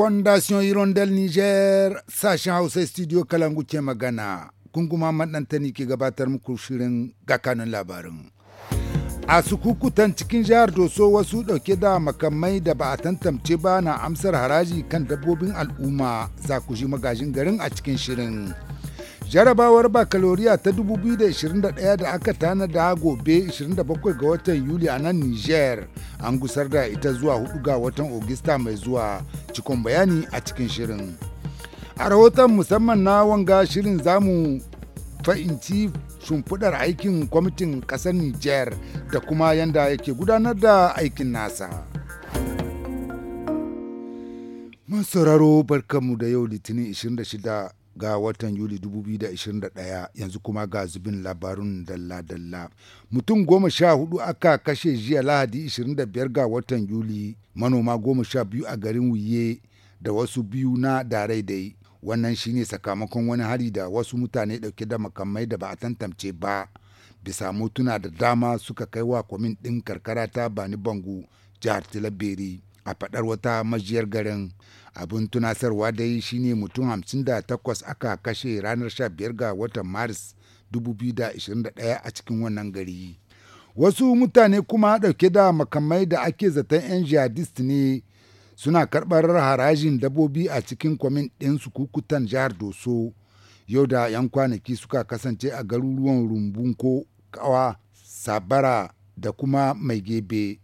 fondation hirondel niger sashen hausa studio kalangu ke magana kunguma maɗantani ke gabatar muku shirin gakanin labarin a sukukutan cikin jihar doso wasu ɗauke da makamai da ba a tantance ba na amsar haraji kan dabbobin al'umma za ku ji magajin garin a cikin shirin jarabawar bakaloriya ta 2021 da aka tanada gobe 27 ga watan yuli a nan niger an gusar da ita zuwa 4 ga watan ogista mai zuwa cikon bayani a cikin shirin a rahoton musamman na wanga shirin zamu fa'inci shimfiɗar aikin kwamitin kasar niger da kuma yadda yake gudanar da aikin nasa. Mun sauraro barkanmu da yau Litinin 26 ga watan Yuli 2021 yanzu kuma ga zubin labarun dalla-dalla. Mutum goma sha hudu aka kashe jiya Lahadi 25 ga watan Yuli manoma goma sha biyu a garin Wuye da wasu biyu na darai dai. Wannan shine sakamakon wani hari da wasu mutane dauke da makamai da ba a tantance ba. Bisa motuna da dama suka kai wa kwamin ɗin karkara ta Bani Bangu jihar Tilaberi. a faɗar wata majiyar garin abin tunasarwa dai shine mutum 58 aka kashe ranar sha biyar ga watan maris 2021 a cikin wannan gari wasu mutane kuma ɗauke da makamai da ake zaton 'yan jihadist ne suna karɓar harajin dabobi a cikin kwamin ɗinsu kukutan jihar doso yau da 'yan kwanaki suka kasance a garuruwan rumbun ko kawa sabara da kuma mai gebe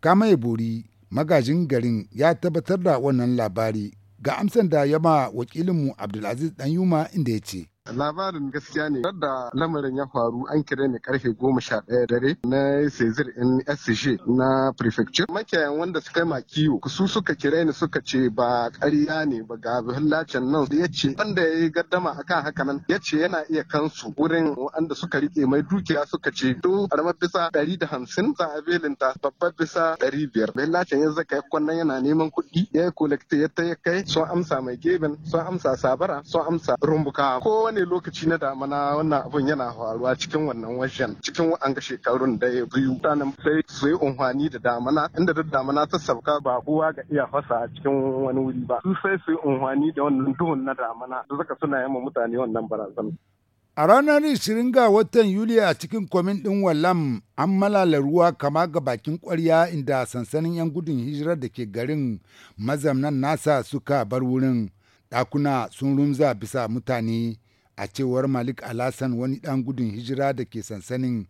kama bori magajin garin ya tabbatar da wannan labari ga amsan da ya ma wakilinmu Abdulaziz Danyuma inda ya ce. Labarin gaskiya ne. da lamarin ya faru an kira ni karfe goma sha ɗaya dare na Sezir in sg na prefecture. Makiyayan wanda suka yi makiyo su suka kira ni suka ce ba ƙarya ne ba ga hillacin nan ya ce wanda ya yi gaddama akan haka nan ya ce yana iya kansu wurin wanda suka riƙe mai dukiya suka ce to karamar bisa ɗari da hamsin za a belinta babbar bisa ɗari biyar. Hillacin ya zaka kwannan yana neman kuɗi ya yi kolekta ya ta kai sun amsa mai geben sun amsa sabara sun amsa rumbuka. Kowane ne lokaci na damana wannan abun yana faruwa cikin wannan wajen cikin wa'anga shekarun da ya biyu mutanen sai su yi unhwani da damana inda duk damana ta sauka ba kowa ga iya fasa a cikin wani wuri ba su sai su yi unhwani da wannan duhun na damana da suka suna yamma mutane wannan barazan. A ranar isirin ga watan Yuli a cikin kwamin ɗin Wallam an malala ruwa kama ga bakin ƙwarya inda sansanin 'yan gudun hijirar da ke garin mazamnan nasa suka bar wurin ɗakuna sun rumza bisa mutane a cewar malik alasan wani dan gudun hijira da ke sansanin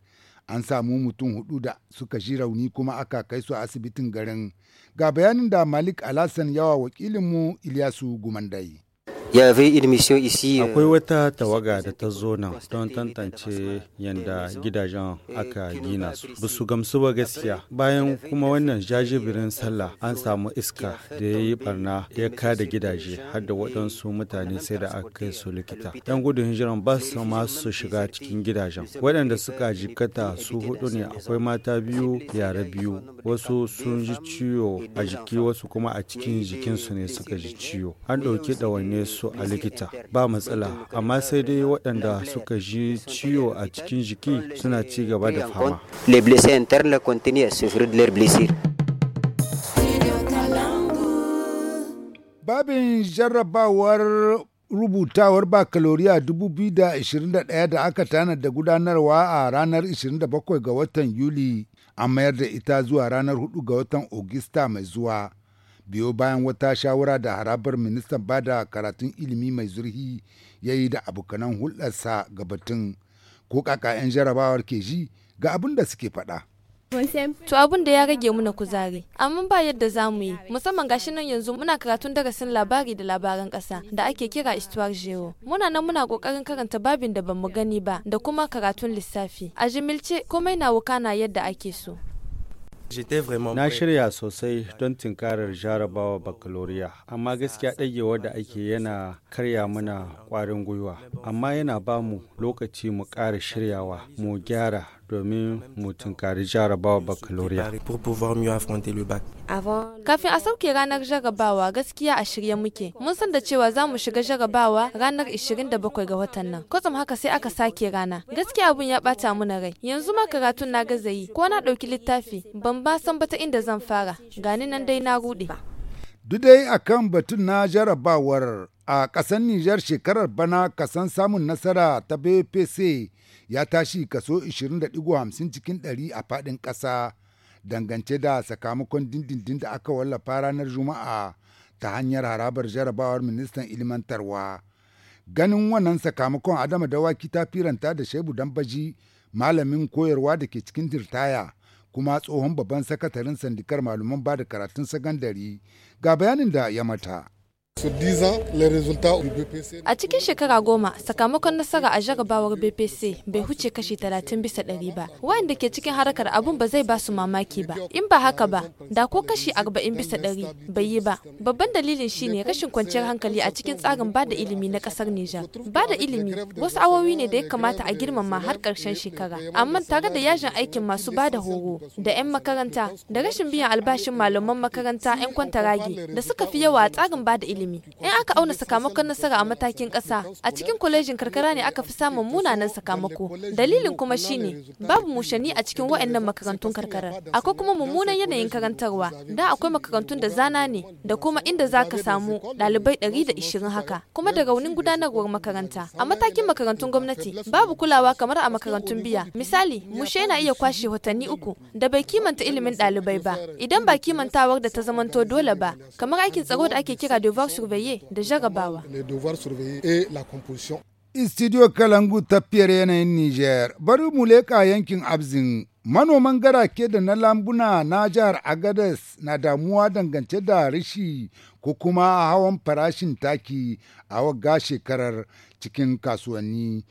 an samu mutum hudu da suka ji rauni kuma aka kai su asibitin garin ga bayanin da malik alasan yawa wakilinmu iliyasu gumandai Eh. Akwai wata tawaga da ta zo nan don tantance yadda gidajen aka gina su. Ba su gamsu ba gaskiya. Bayan kuma wannan jajibirin sallah an samu iska da ya yi barna da ya kada gidaje har da waɗansu mutane sai da aka kai su likita. Yan gudun hijiran ba su ma shiga cikin gidajen. Waɗanda suka jikata su hudu ne akwai mata biyu yara biyu. Wasu sun ji ciwo a jiki wasu kuma a cikin jikinsu ne suka ji ciwo. An ɗauki ɗawane su su a likita ba matsala amma sai dai waɗanda suka ji ciwo a cikin jiki suna ci gaba da fama. Babin jarrabawar rubutawar bakaloriya 2021 da aka tanada gudanarwa a ranar 27 ga watan Yuli a mayar da ita zuwa ranar 4 ga watan Ogista mai zuwa. biyo bayan wata shawara da harabar ministan bada karatun ilimi mai zurhi ya yi da abokanan hulɗarsa ga batun ko kaka 'yan jarabawar ke ji ga abin da suke faɗa. To abin da ya rage muna kuzari, amma ba yadda za mu yi, musamman gashi nan yanzu muna karatun darasin labari da labaran ƙasa da ake kira Histoire jero Muna nan muna ƙoƙarin karanta babin da bamu gani ba da kuma karatun lissafi. A jimilce komai na wukana yadda ake so. Na shirya sosai don tinkarar jarabawa bakaloriya, amma gaskiya ɗagewa da ake yana karya mana ƙwarin gwiwa, amma yana ba mu lokaci mu ƙara shiryawa, mu gyara domin mu tunkari jarabawa baccalaureate. Kafin a sauke ranar jarabawa gaskiya a shirya muke. Mun san da cewa za mu shiga jarabawa ranar 27 ga watan nan. Kwatsam haka sai aka sake rana. Gaskiya abun ya bata mana rai. Yanzu ma karatun na gazayi ko na ɗauki littafi ban ba san bata inda zan fara. Gani nan dai na rude. Dudai a kan batun na jarabawar a ƙasar Nijar shekarar bana kasan samun nasara ta BPC ya tashi kaso 20.50 cikin 100 a faɗin ƙasa dangance da sakamakon dindindin da aka wallafa ranar Juma'a ta hanyar harabar jarabawar ministan ilimantarwa. Ganin wannan sakamakon Adama Dawaki ta firanta da Shebu Dambaji malamin koyarwa da ke cikin Dirtaya kuma tsohon babban sakatarin sandikar malaman ba da karatun sakandare ga bayanin da ya mata. A cikin shekara goma, sakamakon nasara a jarabawar BPC bai huce kashi 30 bisa ɗari ba. Wanda ke cikin harkar abun ba zai ba su mamaki ba. In ba haka ba, da ko kashi 40 bisa ɗari bai yi ba. Babban dalilin shine rashin kwanciyar hankali a cikin tsarin ba da ilimi na ƙasar Nijar. Ba da ilimi wasu awowi ne da ya kamata a girmama har ƙarshen shekara. Amma tare da yajin aikin masu ba da horo, da 'yan makaranta, da rashin biyan albashin malaman makaranta 'yan kwantaragi da suka fi yawa a tsarin ba da ilimi. ilimi. In aka auna sakamakon nasara a matakin kasa. a cikin kwalejin karkara ne aka fi samun munanan sakamako. Dalilin kuma shine babu mushani a cikin waɗannan makarantun karkara. Akwai kuma mummunan yanayin karantarwa, da akwai makarantun da zana ne da kuma inda za ka samu ɗalibai ɗari da ishirin haka, kuma da raunin gudanarwar makaranta. A matakin makarantun gwamnati, babu kulawa kamar a makarantun biya. Misali, mushe yana iya kwashe watanni uku da bai kimanta ilimin ɗalibai ba, idan ba kimantawar da ta zamanto dole ba, kamar aikin tsaro da ake kira divorce surveiller da composition. Studio Kalangu tafiyar yanayin Niger, bari muleka yankin Abzin. Manoman garake da na lambuna na jihar Agadez na damuwa dangance da rishi ko kuma hawan farashin taki a wagga shekarar cikin kasuwanni.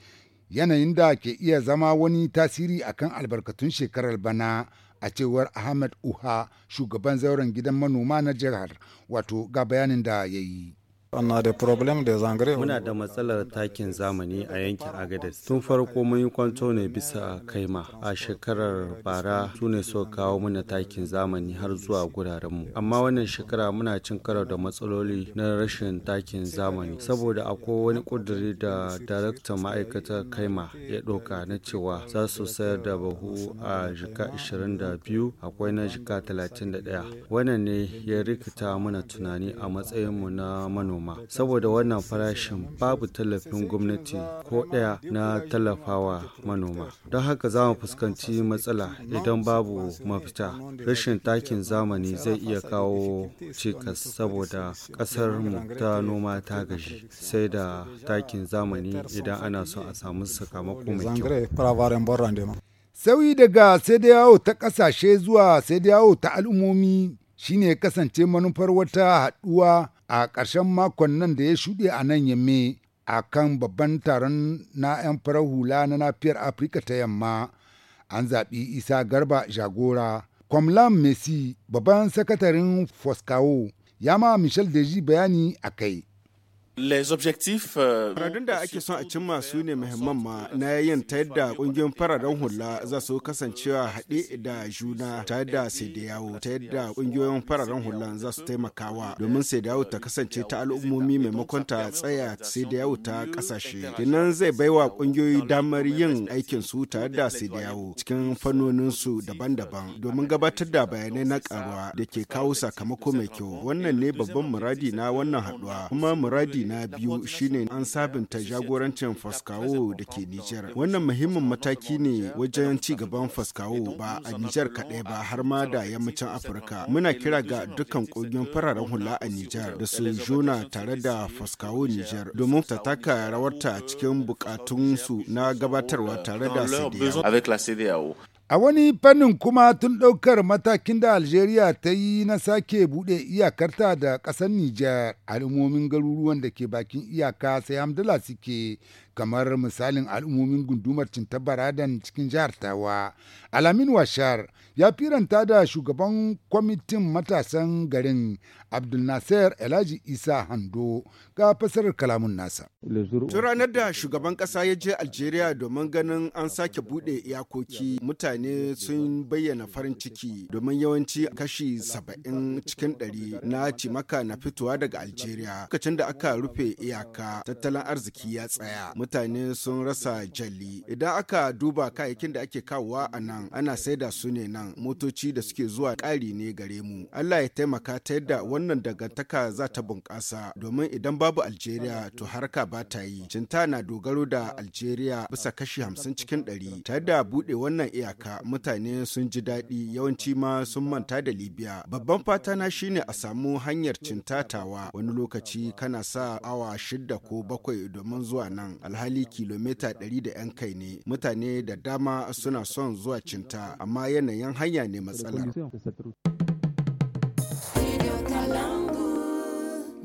yanayin da ke iya zama wani tasiri akan albarkatun shekarar bana a cewar Ahmed Uha shugaban zauren gidan manoma na jihar wato ga bayanin da ya yi. problem Muna da matsalar takin zamani a yankin Agadez. Tun farko mun yi kwanto ne bisa kaima. A shekarar bara su ne so kawo mana takin zamani har zuwa mu. Amma wannan shekara muna cin karo da matsaloli na rashin takin zamani. Saboda akwai wani kuduri da daraktan ma'aikatar kaima ya ɗauka na cewa za su sayar da bahu a jika 22 akwai na jika 31. Wannan ne ya rikita mana tunani a matsayin mu na manoma. manoma saboda wannan farashin babu tallafin gwamnati ko ɗaya na tallafawa manoma don haka za mu fuskanci matsala idan babu mafita rashin takin zamani zai iya kawo cikas saboda ƙasar mu ta noma ta gaji sai da takin zamani idan ana son a samu sakamako mai kyau sauyi daga sai da yawo ta kasashe zuwa sai da yawo ta al'ummomi shine kasance manufar wata haɗuwa a ƙarshen makon nan da ya shuɗe a nan yamme a kan babban taron na 'yan farar hula na nafiyar afirka ta yamma an zaɓi isa garba jagora kwamlan messi babban sakatarin foskawo ya ma michel deji bayani a kai Les objectifs. Faradun euh, da ake son a cimma su ne muhimman ma na yayin ta yadda kungiyoyin fararen hula za su kasancewa haɗe da juna ta yadda sai da yawo ta yadda kungiyoyin fararen hula za su taimakawa domin sai da yawo ta kasance ta al'ummomi maimakon ta tsaya sai da yawo ta ƙasashe. Dinan zai baiwa kungiyoyi damar yin aikin su ta yadda sai da yawo cikin fannonin su daban-daban domin gabatar da bayanai na karuwa da ke kawo sakamako mai kyau. Wannan ne babban muradi na wannan haɗuwa kuma muradi na biyu shine an sabunta jagorancin faskawo da ke Nijar. Wannan muhimmin mataki ne wajen ci gaban faskawo ba a Nijar kaɗai ba har ma da yammacin Afirka. Muna kira ga dukkan ƙungiyoyin fararen hula a Nijar da su juna tare da faskawo Nijar domin ta taka rawarta cikin bukatunsu na gabatarwa tare da CDAO. A wani fannin kuma tun ɗaukar matakin da Algeria ta yi na sake buɗe iyakarta da ƙasar Nijar al'ummomin garuruwan da ke bakin iyaka sai hamdala suke kamar misalin al'ummomin gundumar cintabaradan cikin jihar tawa alamin washar ya firanta da shugaban kwamitin matasan garin abdul nasir elaji isa hando ga fasarar kalamun nasa tun ranar da shugaban kasa ya je algeria domin ganin an sake bude iyakoki mutane sun bayyana farin ciki domin yawanci kashi saba'in cikin ɗari na cimaka na fitowa daga algeria lokacin da aka rufe iyaka tattalin arziki ya tsaya mutane sun rasa jalli idan aka duba kayayyakin da ake kawowa a nan ana saida su ne nan motoci da suke zuwa ƙari ne gare mu allah ya taimaka ta yadda wannan dangantaka za ta bunƙasa domin idan babu algeria to harka ba ta yi cinta na dogaro da algeria bisa kashi hamsin cikin ɗari ta yadda buɗe wannan iyaka mutane sun ji daɗi yawanci ma sun manta da libya babban fata na shine a samu hanyar cintatawa wani lokaci kana sa awa shida ko bakwai domin zuwa nan alhali kilomita 100 da 'yan kai ne. Mutane da dama suna son zuwa cinta amma yanayin hanya ne matsala.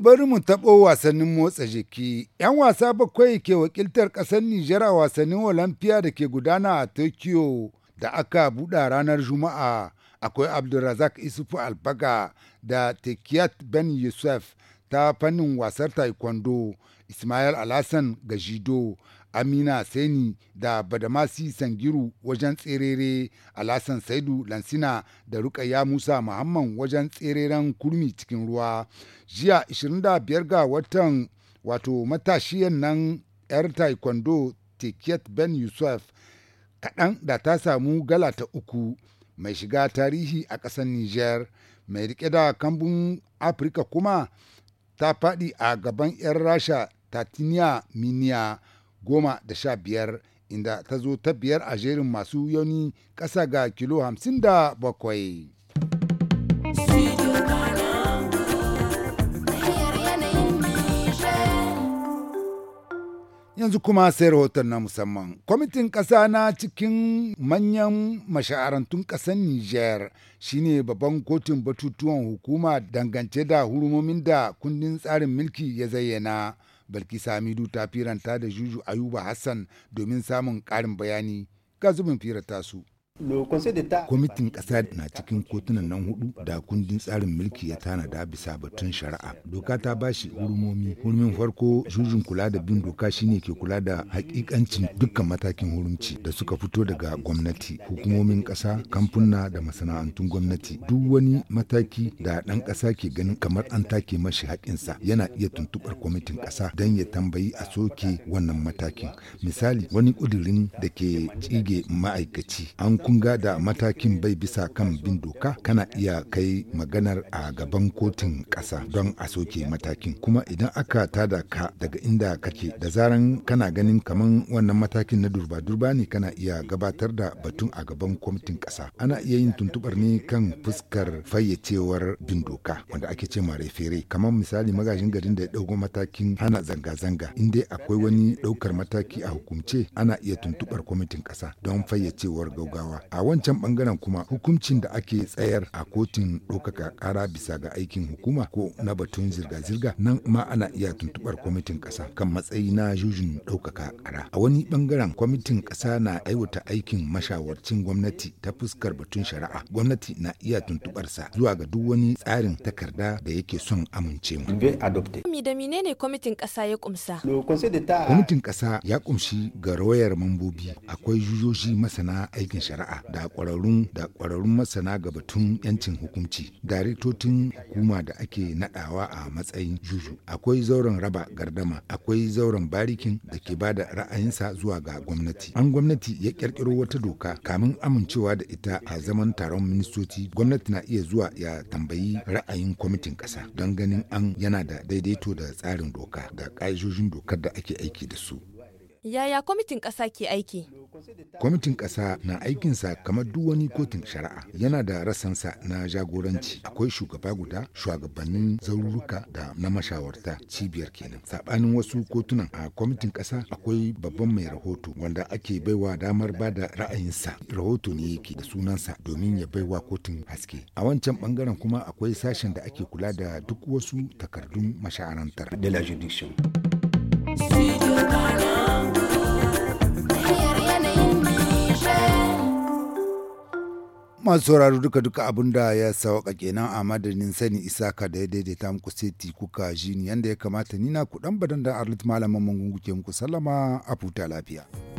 bari mu taɓo wasannin motsa jiki. 'Yan wasa bakwai ke wakiltar ƙasar Nijar a wasannin Olamfiya da ke gudana a Tokyo da aka buɗa ranar Juma'a. Akwai Abdulrazak Isufu Albaga da Tekiyat Ben Yusuf ta fannin wasar taekwondo ismail alasan gajido amina seni da badamasi sangiru wajen tserere alasan saidu lansina da rukaya musa muhamman wajen tsereren kurmi cikin ruwa jiya 25 ga watan wato matashiyan nan 'yar taekwondo tekiyat ben yusuf kaɗan da ta samu gala ta uku mai shiga tarihi a ƙasar niger mai rike da kambun afirka kuma ta faɗi a gaban 'yan rasha tatiniya miniya goma da sha biyar inda ta zo ta biyar a jerin masu yauni ƙasa ga kilo hamsin da bakwai. Yanzu kuma sai rahoton na musamman. Kwamitin ƙasa na cikin manyan mashaharantun ƙasar Nijar shine babban kotun batutuwan hukuma dangance da hurumomin da kundin tsarin mulki ya zayyana. Balki Samidu ta firanta da Juju Ayuba Hassan domin samun ƙarin bayani ga zubin firanta su. Kwamitin ƙasa na cikin kotunan nan hudu da kundin tsarin mulki ya tanada bisa batun shari'a. Doka ta ba shi hurumomi. Hurumin farko jujin kula da bin doka shine ke kula da hakikancin dukkan matakin hurumci da suka fito daga gwamnati, hukumomin ƙasa, kamfuna da masana'antun gwamnati. Duk wani mataki da ɗan ƙasa ke ganin kamar an take mashi haƙinsa yana iya tuntuɓar kwamitin ƙasa don ya tambayi a soke wannan matakin. Misali wani ƙudurin da ke tsige ma'aikaci an kun ga da matakin bai bisa kan bin doka kana iya kai maganar a gaban kotun kasa don a soke matakin kuma idan aka tada ka daga inda kake da zaran kana ganin kaman wannan matakin na durba-durba ne kana iya gabatar da batun a gaban kwamitin ƙasa ana iya yin tuntubar ne kan fuskar fayyacewar bin doka wanda ake ce ma refere kamar misali magajin garin da ya ɗauko matakin hana zanga-zanga in dai akwai wani ɗaukar mataki a hukumce ana iya tuntubar kwamitin ƙasa don fayyacewar gaugawa a wancan bangaren kuma hukuncin da ake tsayar a kotun ɗaukaka ƙara bisa ga aikin hukuma ko na batun zirga-zirga nan ma ana iya tuntuɓar kwamitin ƙasa kan matsayi na jujin ɗaukaka ƙara a wani bangaren kwamitin ƙasa na aiwata aikin mashawarcin gwamnati ta fuskar batun shari'a gwamnati na iya sa zuwa ga duk wani tsarin takarda da yake son amince mu. da menene kwamitin ƙasa ya kumsa? Kwamitin ƙasa ya kumshi rawayar mambobi akwai jujoji masana aikin shari'a shari'a da kwararrun da kwararrun masana ga batun yancin hukunci daraktocin hukuma da ake nadawa a matsayin juju akwai zauren raba gardama akwai zauren barikin da ke bada ra'ayinsa zuwa ga gwamnati an gwamnati ya kirkiro wata doka kamin amincewa da ita a zaman taron ministoci gwamnati na iya zuwa ya tambayi ra'ayin kwamitin ƙasa don ganin an yana da daidaito da tsarin doka da ƙa'idojin dokar da ake aiki da su Yaya kwamitin ƙasa ke aiki? Kwamitin ƙasa na aikinsa kamar duk wani kotun shari'a yana da rasansa na jagoranci akwai shugaba guda shugabannin zaruruka da na mashawarta cibiyar kenan. Saɓanin wasu kotunan a kwamitin ƙasa akwai babban mai rahoto wanda ake baiwa damar ba da ra'ayinsa rahoto ne yake da sunansa domin ya baiwa kotun haske. A wancan ɓangaren kuma akwai sashen da ake kula da duk wasu takardun masha'arantar. De la Studio Ghana. masu sauraro duka duka abin da ya sawaka kenan a madadin sani isaka da ya daidaita muku seti kuka ji ni yanda ya kamata nina na kudan badan da arlit malaman mangungu ke muku sallama a futa lafiya.